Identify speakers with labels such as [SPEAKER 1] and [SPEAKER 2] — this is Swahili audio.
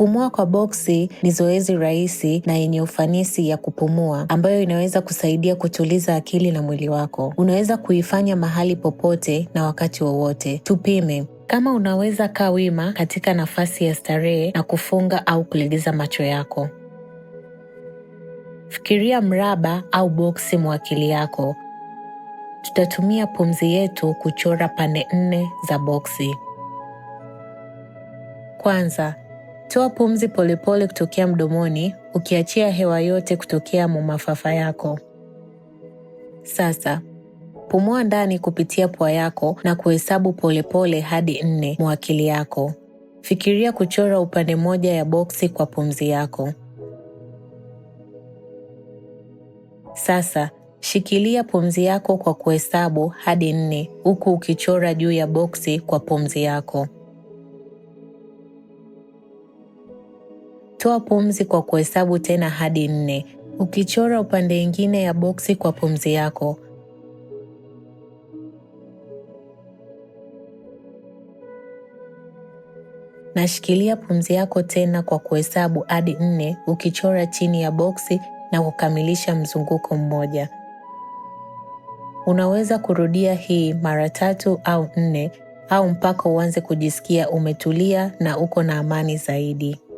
[SPEAKER 1] Kupumua kwa boksi ni zoezi rahisi na yenye ufanisi ya kupumua ambayo inaweza kusaidia kutuliza akili na mwili wako. Unaweza kuifanya mahali popote na wakati wowote. Tupime kama unaweza kaa wima katika nafasi ya starehe na kufunga au kulegeza macho yako. Fikiria mraba au boksi mwa akili yako. Tutatumia pumzi yetu kuchora pande nne za boksi. Kwanza, Toa pumzi polepole kutokea mdomoni, ukiachia hewa yote kutokea mumafafa yako. Sasa pumua ndani kupitia pua yako na kuhesabu polepole hadi nne mwakili akili yako. Fikiria kuchora upande moja ya boksi kwa pumzi yako. Sasa shikilia pumzi yako kwa kuhesabu hadi nne, huku ukichora juu ya boksi kwa pumzi yako. Toa pumzi kwa kuhesabu tena hadi nne, ukichora upande ingine ya boksi kwa pumzi yako. Nashikilia pumzi yako tena kwa kuhesabu hadi nne, ukichora chini ya boksi na kukamilisha mzunguko mmoja. Unaweza kurudia hii mara tatu au nne au mpaka uanze kujisikia umetulia na uko na amani zaidi.